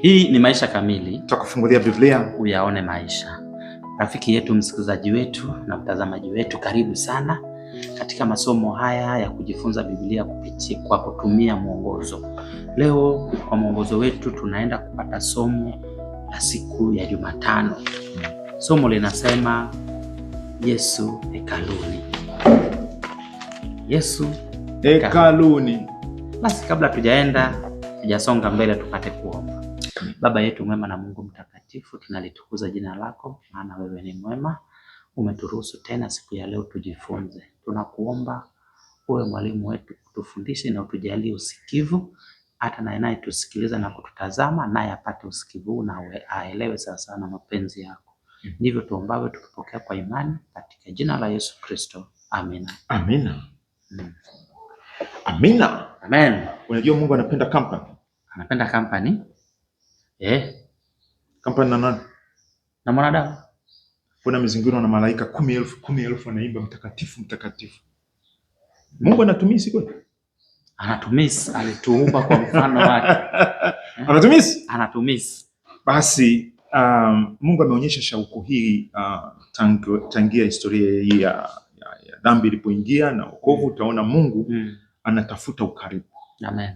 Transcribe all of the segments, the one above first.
Hii ni Maisha Kamili, tutakufungulia Biblia uyaone maisha. Rafiki yetu, msikilizaji wetu na mtazamaji wetu, karibu sana katika masomo haya ya kujifunza Biblia kupitia kwa kutumia mwongozo. Leo kwa mwongozo wetu tunaenda kupata somo la siku ya Jumatano. Somo linasema Yesu hekaluni. Yesu hekaluni. Basi kabla tujaenda tujasonga mbele tupate kuomba. Baba yetu mwema na Mungu mtakatifu, tunalitukuza jina lako, maana wewe ni mwema. Umeturuhusu tena siku ya leo tujifunze. Tunakuomba uwe mwalimu wetu, utufundishe na utujalie usikivu, hata naye tusikiliza na kututazama naye apate usikivu na aelewe sawasawa na mapenzi yako. Mm-hmm. Ndivyo tuombavyo tukipokea kwa imani katika jina la Yesu Kristo, amina. Amina. Mm. Amina. Amen. Unajua Mungu anapenda company. Anapenda company. Eh? Kampani na nani? Na mwanadamu. Kuna mizingiro na malaika kumi elfu kumi elfu wanaimba mtakatifu mtakatifu. Mungu anatumisi kweli? Anatumisi, alituumba kwa mfano wake. Anatumisi? Anatumisi. Basi um, Mungu ameonyesha shauku hii uh, tangu, tangia historia hii ya, ya, ya dhambi ilipoingia na wokovu, mm. utaona Mungu mm. anatafuta ukaribu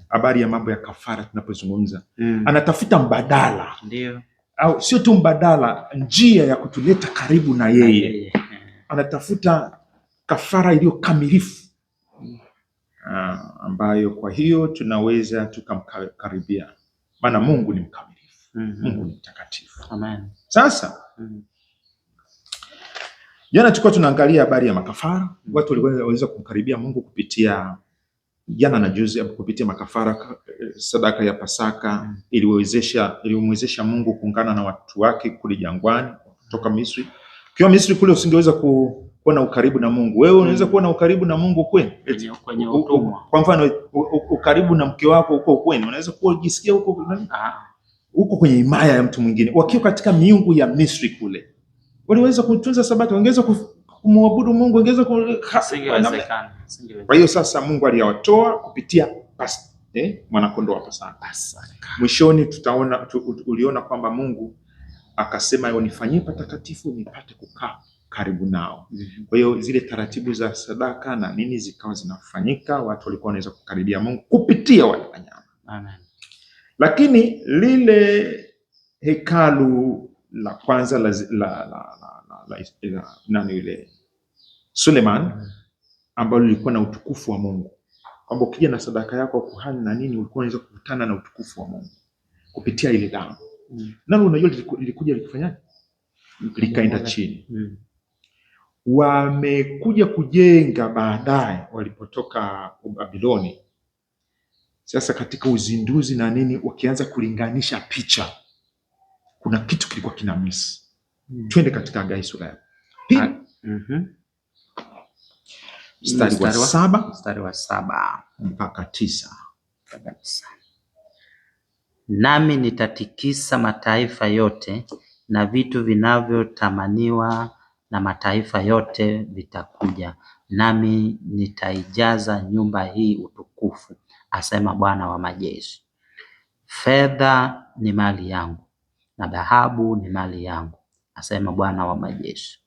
habari ya mambo ya kafara tunapozungumza mm. Anatafuta mbadala Ndiyo. au sio tu mbadala, njia ya kutuleta karibu na yeye Ndiyo. Eh. Anatafuta kafara iliyo kamilifu mm. Ah, ambayo kwa hiyo tunaweza tukamkaribia, maana Mungu ni mkamilifu mm -hmm. Mungu ni mtakatifu Sasa mm. jana tulikuwa tunaangalia habari ya makafara mm. Watu waliweza kumkaribia Mungu kupitia jana na juzi kupitia makafara, eh, sadaka ya Pasaka iliwezesha ilimwezesha Mungu kuungana na watu wake kule jangwani kutoka Misri. Ukiwa Misri kule usingeweza ku, kuwa na ukaribu na Mungu. Wewe unaweza mm. kuwa na ukaribu na Mungu kweli? Kwenye utumwa. Kwa mfano ukaribu na mke wako uko kweli? unaweza kuwa ujisikia huko ah. huko kwenye himaya ya mtu mwingine. Wakiwa katika miungu ya Misri kule, waliweza kutunza Sabato, wangeweza kumwabudu Mungu ingeweza kuwezekana. Kwa hiyo sasa Mungu aliyawatoa kupitia pas, eh, mwanakondoo wa Pasaka. Mwishoni tutaona tu, uliona kwamba Mungu akasema wanifanyie patakatifu nipate kukaa karibu nao. Mhm. Kwa hiyo zile taratibu za sadaka na nini zikawa zinafanyika, watu walikuwa wanaweza kukaribia Mungu kupitia wale wanyama. Amen. Lakini lile hekalu la kwanza la, la, la, la la, la, nani ile Suleiman ambayo lilikuwa na utukufu wa Mungu, kwamba ukija na sadaka yako kuhani na nini ulikuwa unaweza kukutana na utukufu wa Mungu kupitia ile damu mm. Nalo unajua lilikuja likifanya likaenda chini mm. Wamekuja kujenga baadaye walipotoka Babiloni. Sasa katika uzinduzi na nini, wakianza kulinganisha picha, kuna kitu kilikuwa kinamisi Hmm. twende katika Agai sura ya pili ah, mhm. mstari wa saba mstari wa saba mpaka tisa nami nitatikisa mataifa yote na vitu vinavyotamaniwa na mataifa yote vitakuja, nami nitaijaza nyumba hii utukufu, asema Bwana wa majeshi. Fedha ni mali yangu na dhahabu ni mali yangu, asema Bwana wa majeshi.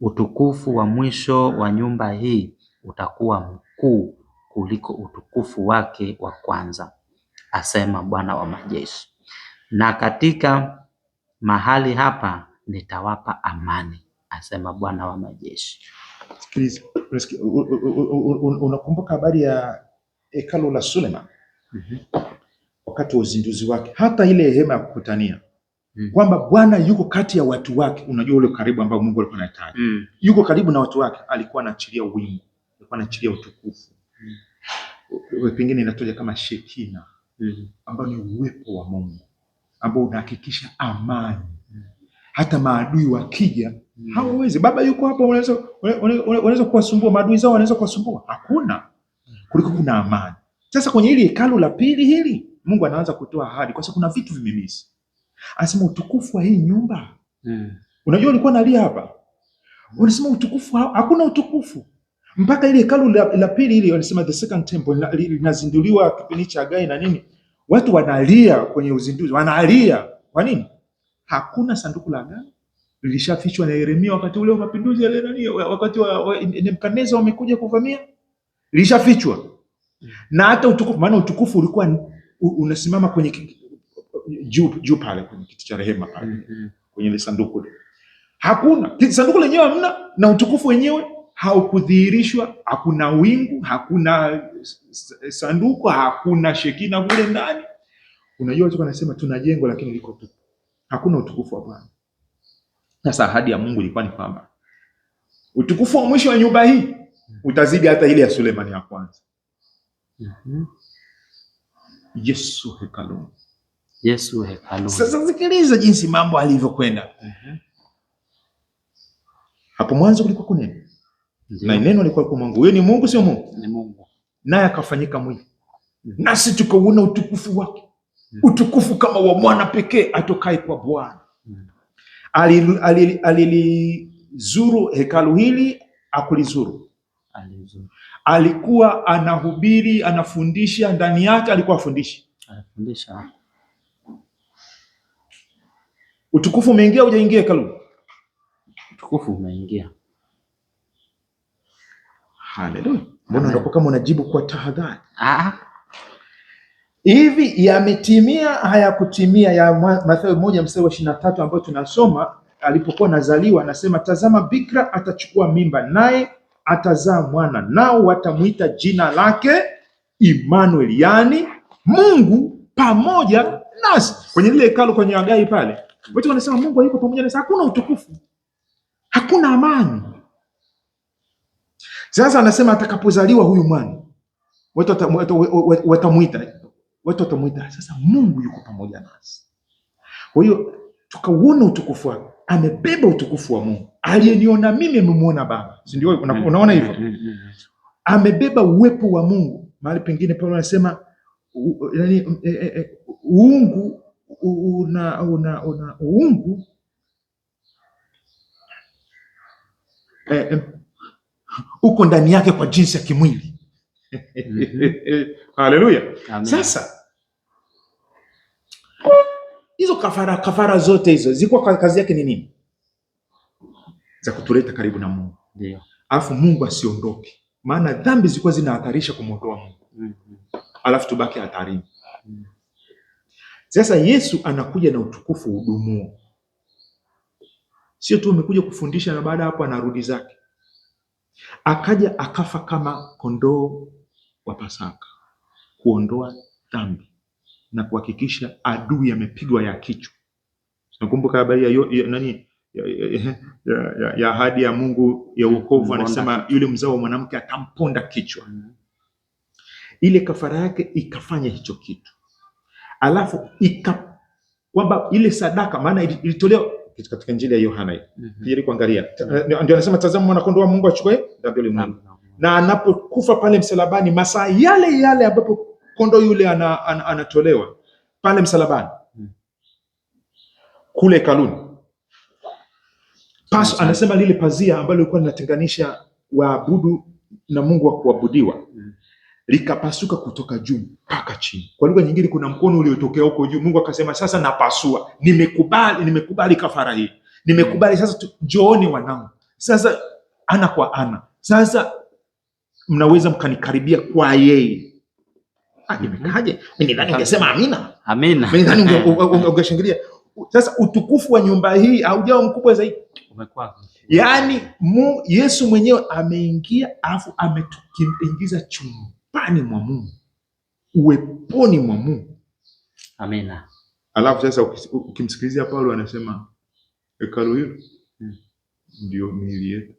Utukufu wa mwisho wa nyumba hii utakuwa mkuu kuliko utukufu wake wa kwanza, asema Bwana wa majeshi, na katika mahali hapa nitawapa amani, asema Bwana wa majeshi. Unakumbuka habari ya hekalu la Suleman? mm -hmm. Wakati wa uzinduzi wake, hata ile hema ya kukutania Mm. Kwamba Bwana yuko kati ya watu wake. Unajua ule karibu ambao Mungu alikuwa anahitaji. Mm. Yuko karibu na watu wake, alikuwa anaachilia wingu, alikuwa anaachilia utukufu. Mm. Pengine inatoja kama Shekina, mm, ambao ni uwepo wa Mungu ambao unahakikisha amani. Mm. Hata maadui wakija, mm, hawawezi. Baba yuko hapa, unaweza unaweza kuwasumbua maadui zao, wanaweza kuwasumbua. Hakuna. Mm. Kuliko kuna amani. Sasa kwenye hili hekalu la pili hili Mungu anaanza kutoa ahadi kwa sababu kuna vitu vimemisi anasema utukufu wa hii nyumba mm. Unajua, ulikuwa nalia hapa, unasema utukufu, hakuna utukufu mpaka ile hekalu la, la pili ile wanasema the second temple linazinduliwa kipindi cha Gai na nini, watu wanalia kwenye uzinduzi, wanalia kwa nini? Hakuna sanduku la agano lilishafichwa na Yeremia wakati ule wa mapinduzi yale nani, wakati wa Nebukadnezar wamekuja kuvamia, lilishafichwa mm. na hata utukufu, maana utukufu ulikuwa unasimama kwenye juu juu pale kwenye kiti cha rehema pale mm -hmm. kwenye sanduku hakuna sanduku lenyewe hamna, na utukufu wenyewe haukudhihirishwa. Hakuna wingu, hakuna sanduku, hakuna shekina kule ndani. Unajua watu wanasema tuna jengo lakini liko tupu, hakuna utukufu wa Bwana. Sasa ahadi ya Mungu ilikuwa ni kwamba utukufu wa mwisho wa nyumba hii utazidi hata ile ya Sulemani ya kwanza. mm -hmm. Yesu hekaluni Yesu hekaluni. Sasa sikiliza jinsi mambo alivyokwenda. Mhm. Hapo mwanzo kulikuwa kuna neno. Na neno alikuwa kwa Mungu. Yeye ni Mungu sio Mungu? Ni Mungu. Naye akafanyika mwili. Mhm. Nasi tukauona utukufu wake. Mhm. Utukufu kama wa mwana pekee atokaye kwa Bwana. Mhm. Alilizuru alil, hekalu hili akulizuru. Alizuru. Alikuwa anahubiri, anafundisha ndani yake alikuwa afundisha. Anafundisha. Utukufu umeingia hujaingia hekalu? Utukufu umeingia. Haleluya. Mbona ndipo kama unajibu kwa tahadhari? Ah. Hivi yametimia hayakutimia ya Mathayo moja mstari wa ishirini na tatu ambayo tunasoma alipokuwa nazaliwa, anasema tazama, bikira atachukua mimba, naye atazaa mwana, nao watamwita jina lake Immanuel, yaani Mungu pamoja nasi. Kwenye lile hekalu kwenye Agai pale wote wanasema Mungu hayuko pamoja nasi. Hakuna utukufu, hakuna amani. Sasa anasema atakapozaliwa huyu mwana wote watamwita, wote watamwita sasa Mungu yuko pamoja nasi. Kwa hiyo tukauona utukufu wake, amebeba utukufu wa Mungu. Aliyeniona mimi amemwona Baba, si ndio? Mm-hmm. Unaona hivyo, mm-hmm. Mm-hmm. amebeba uwepo wa Mungu. Mahali pengine Paulo anasema yaani uungu una, una, una uungu eh, eh, uko ndani yake kwa jinsi ya kimwili mm -hmm. Haleluya! Sasa hizo kafara, kafara zote hizo ziko kazi yake ni nini? Za kutuleta karibu na Mungu, ndio alafu Mungu asiondoke, maana dhambi zilikuwa zinahatarisha kumwondoa Mungu mm -hmm. alafu tubaki hatarini mm -hmm. Sasa Yesu anakuja na utukufu udumuo, sio tu umekuja kufundisha na baada hapo anarudi zake. Akaja akafa kama kondoo wa Pasaka kuondoa dhambi na kuhakikisha adui amepigwa ya kichwa. Nakumbuka habari ya, nani ya, ya, ya, ya ahadi ya Mungu ya wokovu, anasema yule mzao wa mwanamke atamponda kichwa. Ile kafara yake ikafanya hicho kitu alafu ika kwamba ile sadaka maana ilitolewa katika Injili ya Yohana hii mm -hmm. kuangalia mhm. eh, ndio anasema, tazama mwana kondoo wa Mungu achukue dhambi ya ulimwengu, na anapokufa pale msalabani, masaa yale yale ambapo kondoo yule ana, ana, anatolewa pale msalabani mhm. kule kaluni Pas, anasema lile pazia ambalo lilikuwa linatenganisha waabudu na Mungu wa kuabudiwa mm likapasuka kutoka juu mpaka chini. Kwa lugha nyingine, kuna mkono uliotokea huko juu. Mungu akasema, sasa napasua, nimekubali, nimekubali kafara hii, nimekubali. Sasa njooni wanangu, sasa ana kwa ana, sasa mnaweza mkanikaribia kwa yeye. Nimekaje? Mimi ungesema amina, amina. Mimi ungeshangilia. Sasa utukufu wa nyumba hii haujawa mkubwa zaidi? Umekuwa yaani, Yesu mwenyewe ameingia afu ametuingiza chumu nyumbani mwa Mungu, uweponi mwa Mungu. Amina. Alafu sasa ukimsikilizia Paulo anasema hekalu hilo hmm, ndio miili yetu,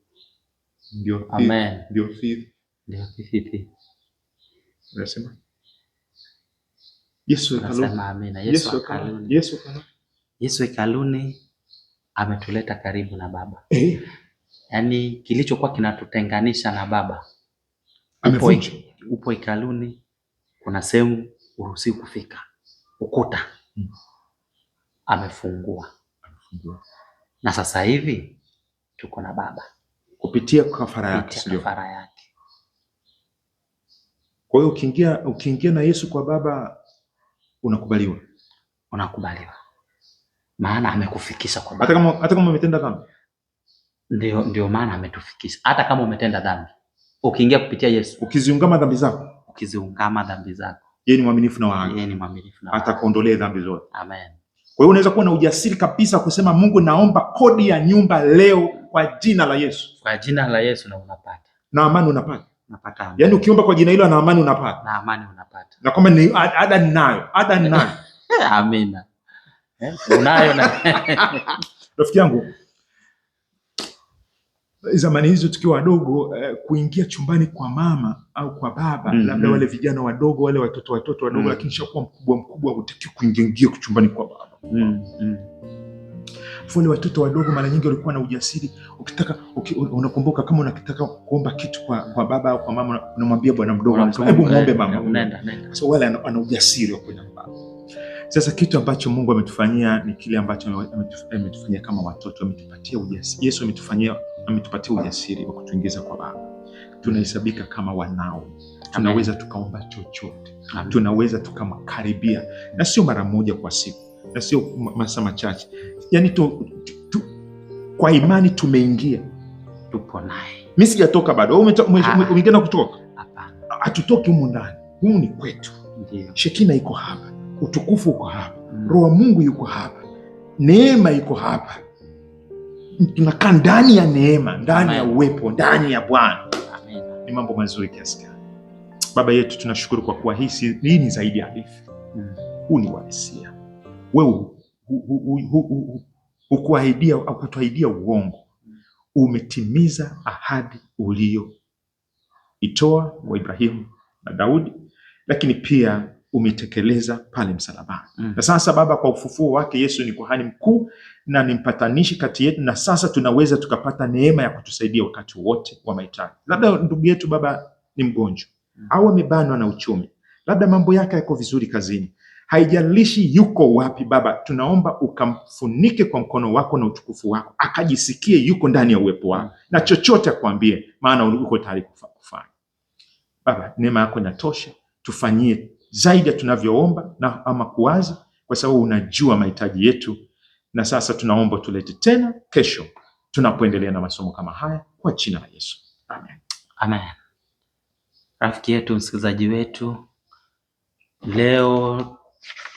ndio ndio ndio fithi. Unasema Yesu hekaluni ametuleta karibu na Baba eh. Yaani kilichokuwa kinatutenganisha na Baba amevunjwa upo hekaluni, kuna sehemu uruhusi kufika, ukuta hmm. amefungua. Na sasa hivi tuko na baba kupitia kafara yake, kafara yake. Kwa hiyo ukiingia ukiingia na Yesu kwa baba unakubaliwa, unakubaliwa maana amekufikisha kwa baba, hata kama umetenda dhambi. Ndio, ndio maana ametufikisha, hata kama umetenda dhambi ukiingia kupitia Yesu, ukiziungama dhambi zako, ukiziungama dhambi zako, yeye ni mwaminifu na waagano, yeye ni mwaminifu na atakuondolea dhambi zote. Amen. Kwa hiyo unaweza kuwa na ujasiri kabisa kusema Mungu, naomba kodi ya nyumba leo kwa jina la Yesu, kwa jina la Yesu, na unapata na amani, unapata unapata, Yani yaani ukiomba kwa jina hilo na amani unapata, na amani unapata, na kwamba ni ada ninayo, ada ninayo. Amina, eh, unayo na rafiki yangu zamani hizo tukiwa wadogo eh, kuingia chumbani kwa mama au kwa baba mm -hmm. labda wale vijana wadogo wale watoto watoto wadogo mm -hmm. lakini shakuwa mkubwa mkubwa hutaki kuingiaingia chumbani kwa baba mm -hmm. Wale watoto wadogo mara nyingi walikuwa na ujasiri. Ukitaka uki, unakumbuka, kama unakitaka kuomba kitu kwa, kwa baba au kwa mama, unamwambia bwana mdogo, hebu muombe eh, mama. So wale ana ujasiri wa kwenda kwa baba. Sasa kitu ambacho Mungu ametufanyia ni kile ambacho ametufanyia kama watoto, ametupatia ujasiri. Yesu ametufanyia ametupatia ujasiri wa kutuingiza kwa Baba. Tunahesabika kama wanao, tunaweza tukaomba chochote, tunaweza tukamkaribia, na sio mara moja kwa siku, na sio masaa machache. Yani tu, tu, kwa imani tumeingia, tupo naye. Mi sijatoka bado, ah. umeingia na kutoka, hatutoki humu ndani, huu ni kwetu. Shekina iko hapa, utukufu uko hapa, mm. Roho wa Mungu yuko hapa, neema iko hapa tunakaa ndani ya neema, ndani ya uwepo, ndani ya Bwana. Ni mambo mazuri kiasi gani! Baba yetu, tunashukuru kwa kuwa hii ni zaidi ya hadithi, huu ni uhalisia. Wewe hukuahidia au kutuahidia uongo, umetimiza ahadi ulioitoa wa Ibrahimu na Daudi, lakini pia umetekeleza pale msalabani mm. Na sasa Baba, kwa ufufuo wake Yesu ni kuhani mkuu na ni mpatanishi kati yetu, na sasa tunaweza tukapata neema ya kutusaidia wakati wote wa mahitaji. Labda ndugu yetu Baba ni mgonjwa mm. au amebanwa na uchumi, labda mambo yake yako vizuri kazini, haijalishi yuko wapi Baba, tunaomba ukamfunike kwa mkono wako na utukufu wako, akajisikie yuko ndani ya uwepo wako, mm. na chochote akwambie, maana uko tayari kufanya. Baba, neema yako inatosha, tufanyie zaidi ya tunavyoomba na ama kuwaza, kwa sababu unajua mahitaji yetu, na sasa tunaomba tulete tena kesho tunapoendelea na masomo kama haya, kwa jina la Yesu Amen. Amen. Rafiki yetu msikilizaji wetu, leo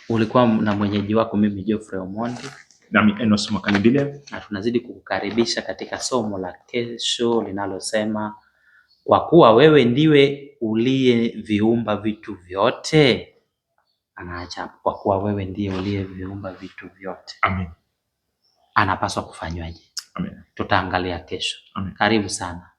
ulikuwa na mwenyeji wako mimi Geoffrey Omondi nami Enos Makalindile, na tunazidi kukukaribisha katika somo la kesho linalosema kwa kuwa wewe ndiwe uliyeviumba vitu vyote. Anaacha hapo, kwa kuwa wewe ndiye uliyeviumba vitu vyote. Amen. Anapaswa kufanywaje? Amen. Tutaangalia kesho. Amen. Karibu sana.